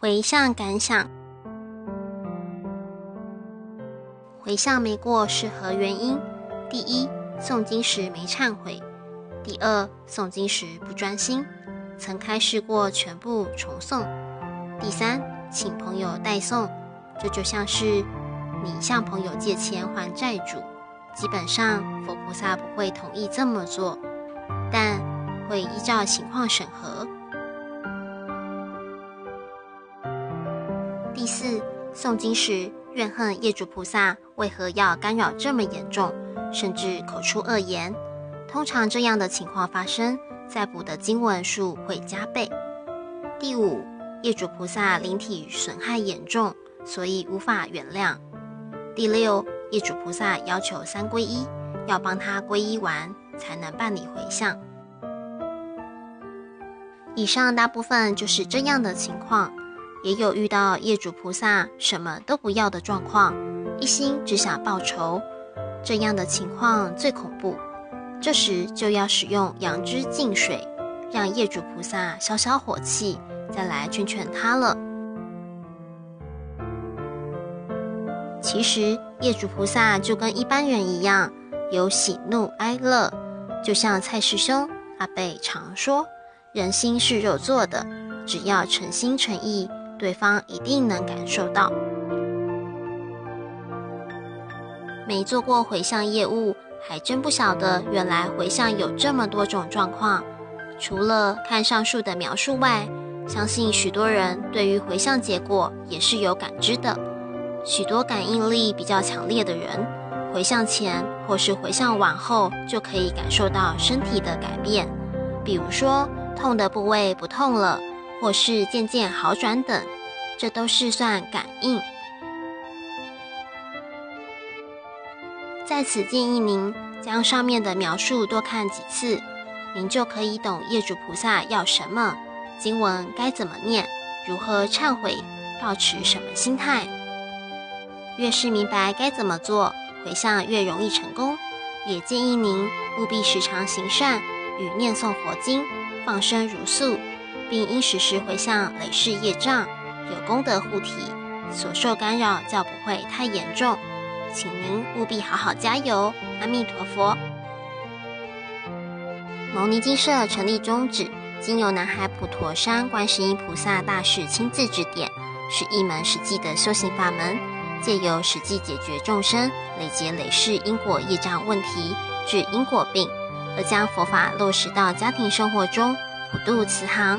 回向感想：回向沒過是何原因？第一，誦經時沒懺悔；第二，誦經時不專心；曾開示過全部重誦；第三，請朋友代誦，這就像是你向朋友借錢還債主，基本上佛菩薩不會同意這麼做，但會依照情況審核。四、誦經時怨恨業主菩薩為何要干擾這麼嚴重，甚至口出惡言。通常這樣的情況發生，再補的經文數會加倍。第五，業主菩薩靈體損害嚴重，所以無法原諒。第六，業主菩薩要求三皈依，要幫他皈依完才能辦理回向。以上大部分就是這樣的情況。也有遇到業主菩薩什麼都不要的狀況，一心只想報仇，這樣的情況最恐怖。這時就要使用楊枝淨水，讓業主菩薩消消火氣，再來勸勸他了。其實業主菩薩就跟一般人一樣，有喜怒哀樂。就像蔡師兄阿伯常說：“人心是肉做的，只要誠心誠意。”對方一定能感受到。沒做過迴向業務，還真不曉得原來迴向有這麼多種狀況。除了看上述的描述外，相信許多人對於迴向結果也是有感知的。許多感應力比較強烈的人，迴向前或是迴向往後，就可以感受到身體的改變，比如說痛的部位不痛了。或是漸漸好轉等，這都是算感應。在此建議您將上面的描述多看幾次，您就可以懂業主菩薩要什麼，經文該怎麼念，如何懺悔，抱持什麼心態。越是明白該怎麼做，回向越容易成功。也建議您務必時常行善與念誦佛經，放生茹素。並應時時回向累世業障，有功德護體，所受干擾較不會太嚴重。請您務必好好加油，阿彌陀佛。牟尼精舍成立宗旨，經由南海普陀山觀世音菩薩大士親自指點，是一門實際的修行法門，借由實際解決眾生累劫累世因果業障問題，治因果病，而將佛法落實到家庭生活中，普度慈航。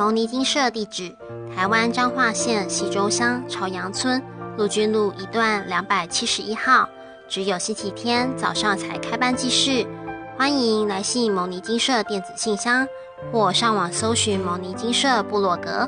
牟尼精舍地址：台灣彰化縣溪州鄉朝陽村陸軍路一段兩百七十一號。只有星期天早上才開班濟世，歡迎來信牟尼精舍電子信箱，或上網搜尋牟尼精舍部落格。